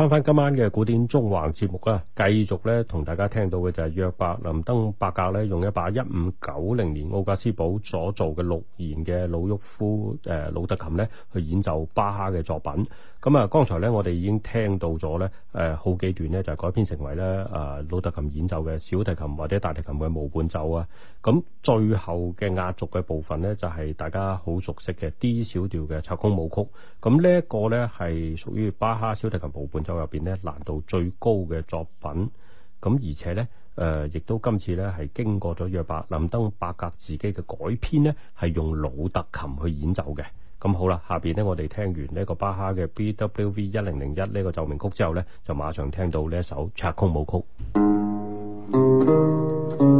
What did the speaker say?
翻翻今晚嘅古典縱橫節目啦，繼續咧同大家聽到嘅就係約伯林登伯格咧，用一把一五九零年奧格斯堡所做嘅六弦嘅魯沃夫誒、呃，魯特琴咧，去演奏巴哈嘅作品。咁啊，剛才咧，我哋已經聽到咗咧，誒好幾段咧，就改編成為咧，誒魯特琴演奏嘅小提琴或者大提琴嘅無伴奏啊。咁最後嘅壓軸嘅部分咧，就係大家好熟悉嘅 D 小調嘅《恰空舞曲》。咁呢一個咧，係屬於巴哈小提琴無伴奏入邊咧難度最高嘅作品。咁而且咧，誒亦都今次咧係經過咗約伯林登伯格自己嘅改編咧，係用魯特琴去演奏嘅。咁好啦，下邊咧我哋聽完呢個巴哈嘅 BWV 一零零一呢個奏鳴曲之後呢，就馬上聽到呢一首恰空舞曲。